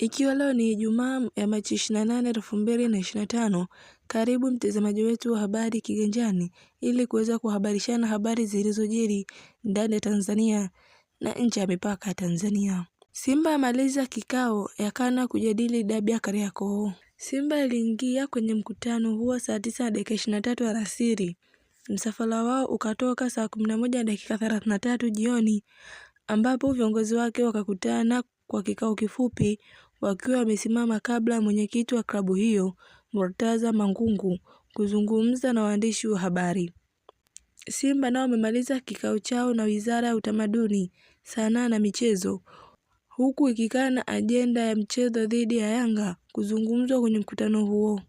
Ikiwa leo ni Ijumaa ya Machi 28, 2025, karibu mtazamaji wetu wa Habari Kiganjani ili kuweza kuhabarishana habari zilizojiri ndani ya Tanzania na nje ya mipaka ya Tanzania. Simba amaliza kikao ya kana kujadili dabi ya Kariakoo. Simba iliingia kwenye mkutano huo saa 9 na dakika 23 alasiri. Msafara wao ukatoka saa 11 na dakika 33 jioni ambapo viongozi wake wakakutana kwa kikao kifupi wakiwa wamesimama kabla ya mwenyekiti wa klabu hiyo Murtaza Mangungu kuzungumza na waandishi wa habari. Simba nao wamemaliza kikao chao na Wizara ya Utamaduni, Sanaa na Michezo huku ikikaa na ajenda ya mchezo dhidi ya Yanga kuzungumzwa kwenye mkutano huo.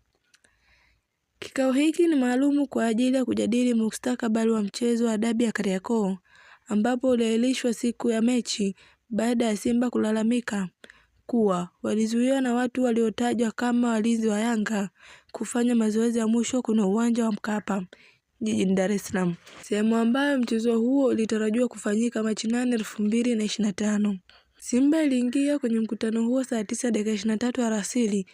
Kikao hiki ni maalumu kwa ajili ya kujadili mustakabali wa mchezo wa dabi ya Kariakoo ambapo uliahirishwa siku ya mechi baada ya Simba kulalamika kuwa walizuiwa na watu waliotajwa kama walinzi wa Yanga kufanya mazoezi ya mwisho kwenye uwanja wa Mkapa jijini Dar es Salaam, sehemu ambayo mchezo huo ulitarajiwa kufanyika Machi 8, 2025. Simba iliingia kwenye mkutano huo saa tisa dakika tatu alasiri.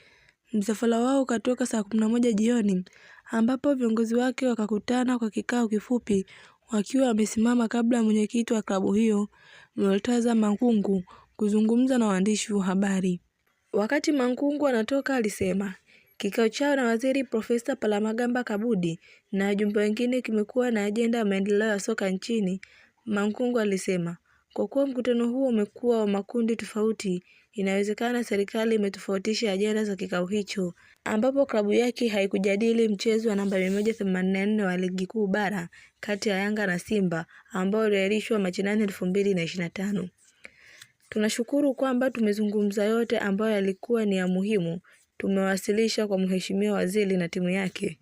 Msafara wao ukatoka saa 11 jioni, ambapo viongozi wake wakakutana kwa kikao kifupi wakiwa wamesimama kabla ya mwenyekiti wa klabu hiyo Murtaza Mangungu kuzungumza na waandishi wa habari. Wakati mankungu anatoka alisema kikao chao na Waziri Profesa Palamagamba Kabudi na wajumbe wengine kimekuwa na ajenda ya maendeleo ya soka nchini. mankungu alisema kwa kuwa mkutano huo umekuwa wa makundi tofauti, inawezekana serikali imetofautisha ajenda za kikao hicho, ambapo klabu yake haikujadili mchezo wa namba 184 wa ligi kuu bara kati ya Yanga na Simba ambao uliahirishwa Machi 8, 2025. Tunashukuru kwamba tumezungumza yote ambayo yalikuwa ni ya muhimu tumewasilisha kwa Mheshimiwa Waziri na timu yake,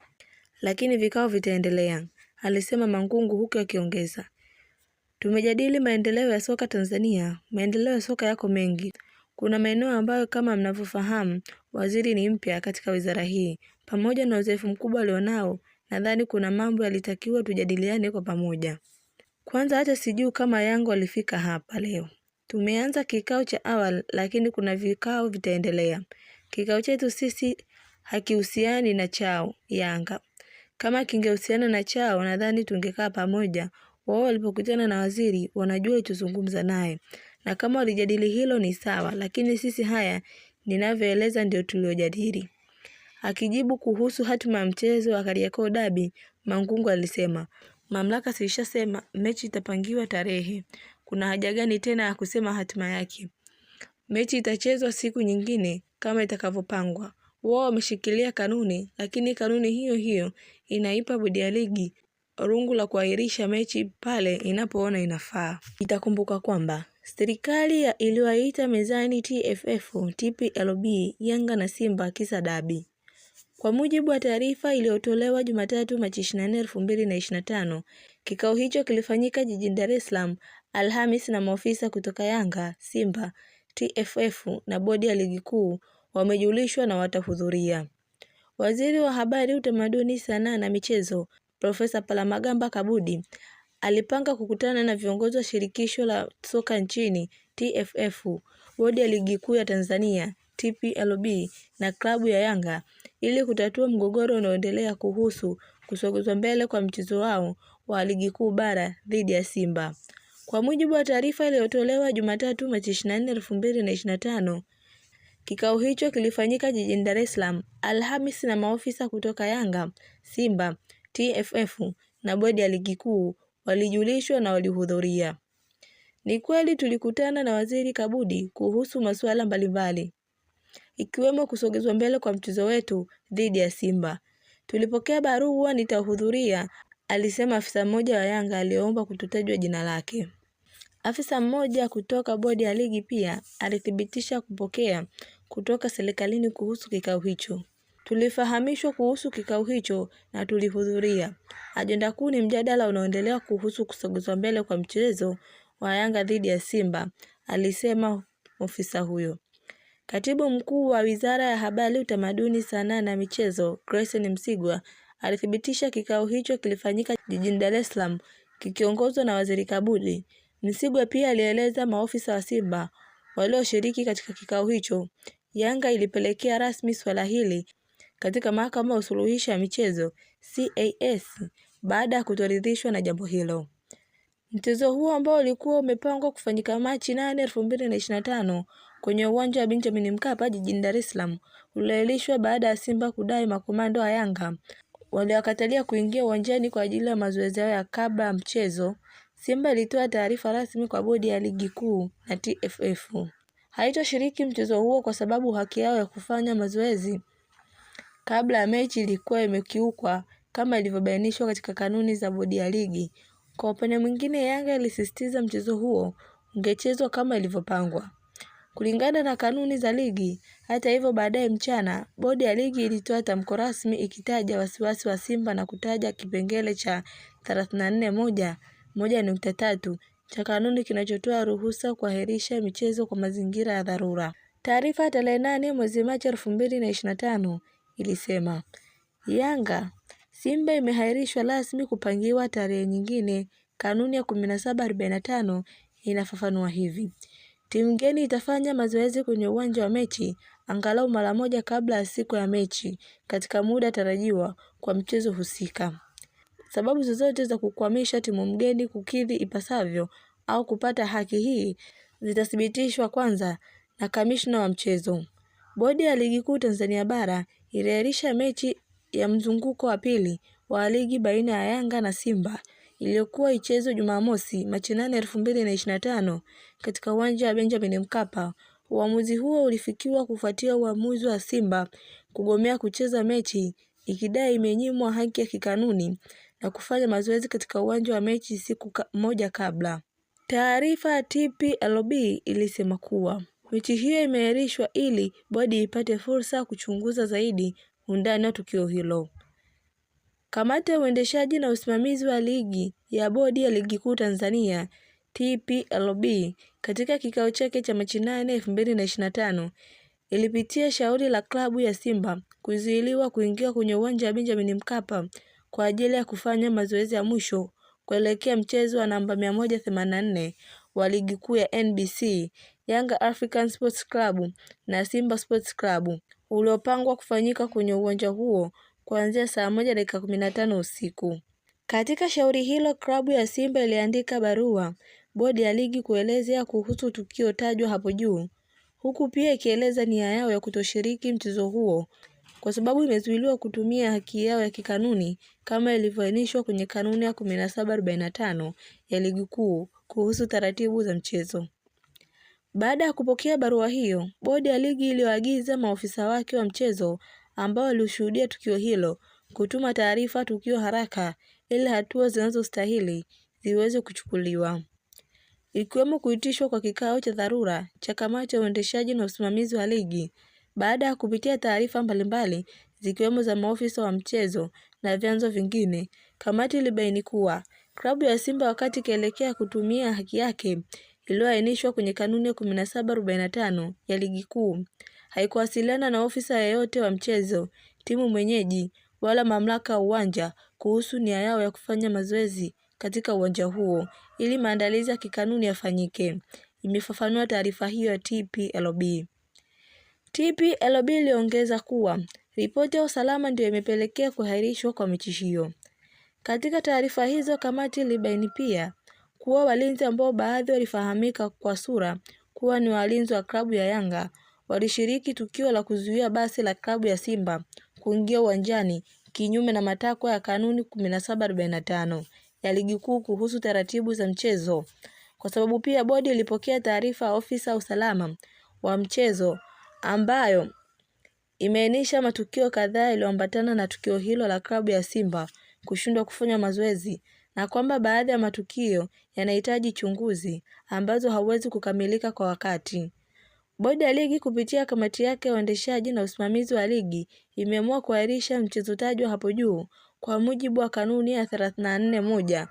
lakini vikao vitaendelea, alisema Mangungu huku akiongeza, tumejadili maendeleo ya soka Tanzania. Maendeleo ya soka yako mengi. Kuna maeneo ambayo kama mnavyofahamu, waziri ni mpya katika wizara hii, pamoja na uzoefu mkubwa alionao, nadhani kuna mambo yalitakiwa tujadiliane kwa pamoja. Kwanza hata sijui kama Yanga alifika hapa leo. Tumeanza kikao cha awali lakini kuna vikao vitaendelea. Kikao chetu sisi hakihusiani na chao Yanga. Kama kingehusiana na chao nadhani tungekaa pamoja. Wao walipokutana na waziri wanajua ituzungumza naye. Na kama walijadili hilo ni sawa lakini sisi haya ninavyoeleza ndio tuliojadili. Akijibu kuhusu hatima ya mchezo wa Kariakoo Dabi, Mangungu alisema, mamlaka zilishasema mechi itapangiwa tarehe kuna haja gani tena ya kusema hatima yake? Mechi itachezwa siku nyingine kama itakavyopangwa. Wao wameshikilia kanuni, lakini kanuni hiyo hiyo inaipa bodi ya ligi rungu la kuahirisha mechi pale inapoona inafaa. Itakumbuka kwamba serikali iliwaita mezani TFF, TPLB, Yanga na Simba kisa dabi. Kwa mujibu wa taarifa iliyotolewa Jumatatu Machi 24, 2025, kikao hicho kilifanyika jijini Dar es Salaam Alhamis na maofisa kutoka Yanga, Simba, TFF na bodi ya ligi kuu wamejulishwa na watahudhuria. Waziri wa Habari, Utamaduni, Sanaa na Michezo Profesa Palamagamba Kabudi alipanga kukutana na viongozi wa shirikisho la soka nchini TFF, bodi ya ligi kuu ya Tanzania TPLB na klabu ya Yanga ili kutatua mgogoro unaoendelea kuhusu kusogezwa mbele kwa mchezo wao wa ligi kuu bara dhidi ya Simba. Kwa mujibu wa taarifa iliyotolewa Jumatatu Machi 24, 2025, kikao hicho kilifanyika jijini Dar es Salaam Alhamis na maofisa kutoka Yanga, Simba, TFF na bodi ya ligi kuu walijulishwa na walihudhuria. Ni kweli tulikutana na Waziri Kabudi kuhusu masuala mbalimbali ikiwemo kusogezwa mbele kwa mchezo wetu dhidi ya Simba. Tulipokea barua nitahudhuria alisema afisa mmoja wa Yanga aliyeomba kutotajwa jina lake. Afisa mmoja kutoka bodi ya ligi pia alithibitisha kupokea kutoka serikalini kuhusu kikao hicho. Tulifahamishwa kuhusu kikao hicho na tulihudhuria. Ajenda kuu ni mjadala unaoendelea kuhusu kusogezwa mbele kwa mchezo wa Yanga dhidi ya Simba, alisema ofisa huyo. Katibu Mkuu wa Wizara ya Habari, Utamaduni, Sanaa na Michezo, Grayson Msigwa alithibitisha kikao hicho kilifanyika jijini Dar es Salaam kikiongozwa na Waziri Kabudi. Msigwa pia alieleza maofisa wa Simba walioshiriki katika kikao hicho. Yanga ilipelekea rasmi swala hili katika mahakama ya usuluhishi ya michezo CAS baada ya kutoridhishwa na jambo hilo. Mchezo huo ambao ulikuwa umepangwa kufanyika Machi 8, 2025 kwenye uwanja wa Benjamin Mkapa jijini Dar es Salaam uliahirishwa baada ya Simba kudai makomando ya Yanga waliwakatalia kuingia uwanjani kwa ajili ya mazoezi yao ya kabla ya mchezo, Simba ilitoa taarifa rasmi kwa bodi ya ligi kuu na TFF haitoshiriki mchezo huo kwa sababu haki yao ya kufanya mazoezi kabla ya mechi ilikuwa imekiukwa kama ilivyobainishwa katika kanuni za bodi ya ligi. Kwa upande mwingine, Yanga ilisisitiza mchezo huo ungechezwa kama ilivyopangwa kulingana na kanuni za ligi. Hata hivyo, baadaye mchana, bodi ya ligi ilitoa tamko rasmi ikitaja wasiwasi wa Simba na kutaja kipengele cha 34.1.3 cha kanuni kinachotoa ruhusa kuahirisha michezo kwa mazingira ya dharura. Taarifa tarehe nane mwezi Machi 2025 ilisema Yanga Simba imehairishwa rasmi kupangiwa tarehe nyingine. Kanuni ya 1745 inafafanua hivi: Timu geni itafanya mazoezi kwenye uwanja wa mechi angalau mara moja kabla ya siku ya mechi katika muda tarajiwa kwa mchezo husika. Sababu zozote za kukwamisha timu mgeni kukidhi ipasavyo au kupata haki hii zitathibitishwa kwanza na kamishna wa mchezo. Bodi ya Ligi Kuu Tanzania Bara iliahirisha mechi ya mzunguko wa pili wa ligi baina ya Yanga na Simba iliyokuwa ichezwe Jumamosi, Machi 8, 2025 katika uwanja wa Benjamin Mkapa. Uamuzi huo ulifikiwa kufuatia uamuzi wa Simba kugomea kucheza mechi ikidai imenyimwa haki ya kikanuni na kufanya mazoezi katika uwanja wa mechi siku ka, moja kabla. Taarifa ya TPLB ilisema kuwa mechi hiyo imeahirishwa ili bodi ipate fursa ya kuchunguza zaidi undani wa tukio hilo. Kamati ya Uendeshaji na Usimamizi wa Ligi ya Bodi ya Ligi Kuu Tanzania TPLB katika kikao chake cha Machi 8, 2025 ilipitia shauri la klabu ya Simba kuzuiliwa kuingia kwenye uwanja wa Benjamin Mkapa kwa ajili ya kufanya mazoezi ya mwisho kuelekea mchezo wa namba 184 wa Ligi Kuu ya NBC Yanga African Sports Club na Simba Sports Club uliopangwa kufanyika kwenye uwanja huo kuanzia saa moja dakika tano usiku. Katika shauri hilo, klabu ya Simba iliandika barua bodi ya ligi kuelezea kuhusu tukio tajwa hapo juu, huku pia ikieleza nia yao ya kutoshiriki mchezo huo kwa sababu imezuiliwa kutumia haki yao ya kikanuni kama ilivyoainishwa kwenye kanuni ya 1745 ya ligi kuu kuhusu taratibu za mchezo. Baada ya kupokea barua hiyo, bodi ya ligi iliyoagiza maofisa wake wa mchezo ambao walishuhudia tukio hilo kutuma taarifa tukio haraka ili hatua zinazostahili ziweze kuchukuliwa ikiwemo kuitishwa kwa kikao cha dharura cha kamati ya uendeshaji na usimamizi wa ligi baada ya kupitia taarifa mbalimbali zikiwemo za maofisa wa mchezo na vyanzo vingine. Kamati ilibaini kuwa klabu ya Simba wakati ikielekea kutumia haki yake iliyoainishwa kwenye kanuni ya 1745 ya ligi kuu haikuwasiliana na ofisa yeyote wa mchezo, timu mwenyeji wala mamlaka ya uwanja kuhusu nia yao ya kufanya mazoezi katika uwanja huo ili maandalizi ya kikanuni yafanyike, imefafanua taarifa hiyo ya TPLB. TPLB iliongeza kuwa ripoti ya usalama ndio imepelekea kuahirishwa kwa mechi hiyo. Katika taarifa hizo, kamati ilibaini pia kuwa walinzi ambao baadhi walifahamika kwa sura kuwa ni walinzi wa klabu ya Yanga walishiriki tukio la kuzuia basi la klabu ya Simba kuingia uwanjani kinyume na matakwa ya kanuni 1745 ya ligi kuu kuhusu taratibu za mchezo, kwa sababu pia bodi ilipokea taarifa ya ofisa usalama wa mchezo ambayo imeainisha matukio kadhaa yaliyoambatana na tukio hilo la klabu ya Simba kushindwa kufanya mazoezi na kwamba baadhi ya matukio yanahitaji chunguzi ambazo hauwezi kukamilika kwa wakati. Bodi ya Ligi kupitia kamati yake ya uendeshaji na usimamizi wa ligi imeamua kuahirisha mchezo tajwa hapo juu kwa mujibu wa kanuni ya 34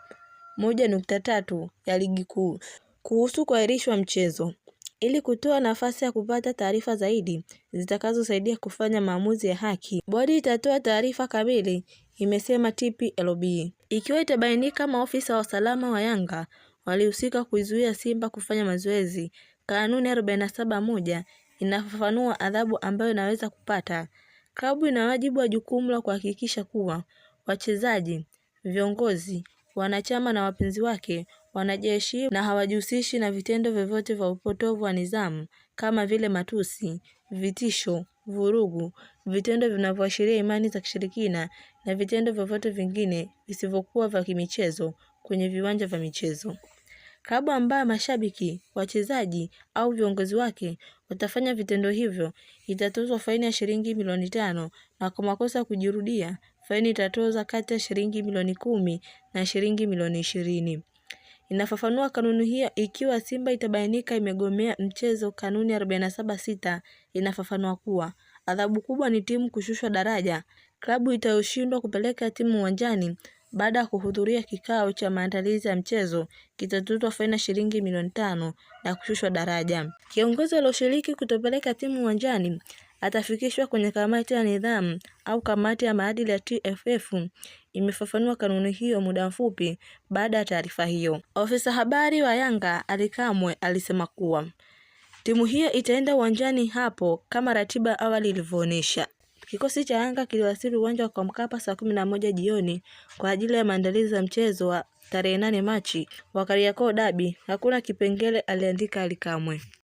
1.3 ya Ligi Kuu kuhusu kuahirishwa mchezo ili kutoa nafasi ya kupata taarifa zaidi zitakazosaidia kufanya maamuzi ya haki. Bodi itatoa taarifa kamili, imesema TPLB, ikiwa itabainika maofisa wa usalama wa Yanga walihusika kuizuia Simba kufanya mazoezi Kanuni arobaini saba moja inafafanua adhabu ambayo inaweza kupata. Klabu ina wajibu wa jukumu la kuhakikisha kuwa wachezaji, viongozi, wanachama na wapenzi wake wanajiheshimu na hawajihusishi na vitendo vyovyote vya upotovu wa nidhamu kama vile matusi, vitisho, vurugu, vitendo vinavyoashiria imani za kishirikina na vitendo vyovyote vingine visivyokuwa vya kimichezo kwenye viwanja vya michezo klabu ambayo mashabiki, wachezaji au viongozi wake watafanya vitendo hivyo itatozwa faini ya shilingi milioni tano na kwa makosa kujirudia faini itatozwa kati ya shilingi milioni kumi na shilingi milioni ishirini. Inafafanua kanuni hiyo ikiwa Simba itabainika imegomea mchezo kanuni 476 inafafanua kuwa adhabu kubwa ni timu kushushwa daraja. Klabu itayoshindwa kupeleka timu uwanjani baada ya kuhudhuria kikao cha maandalizi ya mchezo kitatuzwa faini shilingi milioni tano na kushushwa daraja. Kiongozi alioshiriki kutopeleka timu uwanjani atafikishwa kwenye kamati ya nidhamu au kamati ya maadili ya TFF. Imefafanua kanuni hiyo muda mfupi baada ya taarifa hiyo. Ofisa habari wa Yanga alikamwe alisema kuwa timu hiyo itaenda uwanjani hapo kama ratiba awali ilivyoonyesha. Kikosi cha Yanga kiliwasili uwanja wa Mkapa saa kumi na moja jioni kwa ajili ya maandalizi ya mchezo wa tarehe nane Machi wa Kariakoo dabi Hakuna kipengele aliandika Ally Kamwe.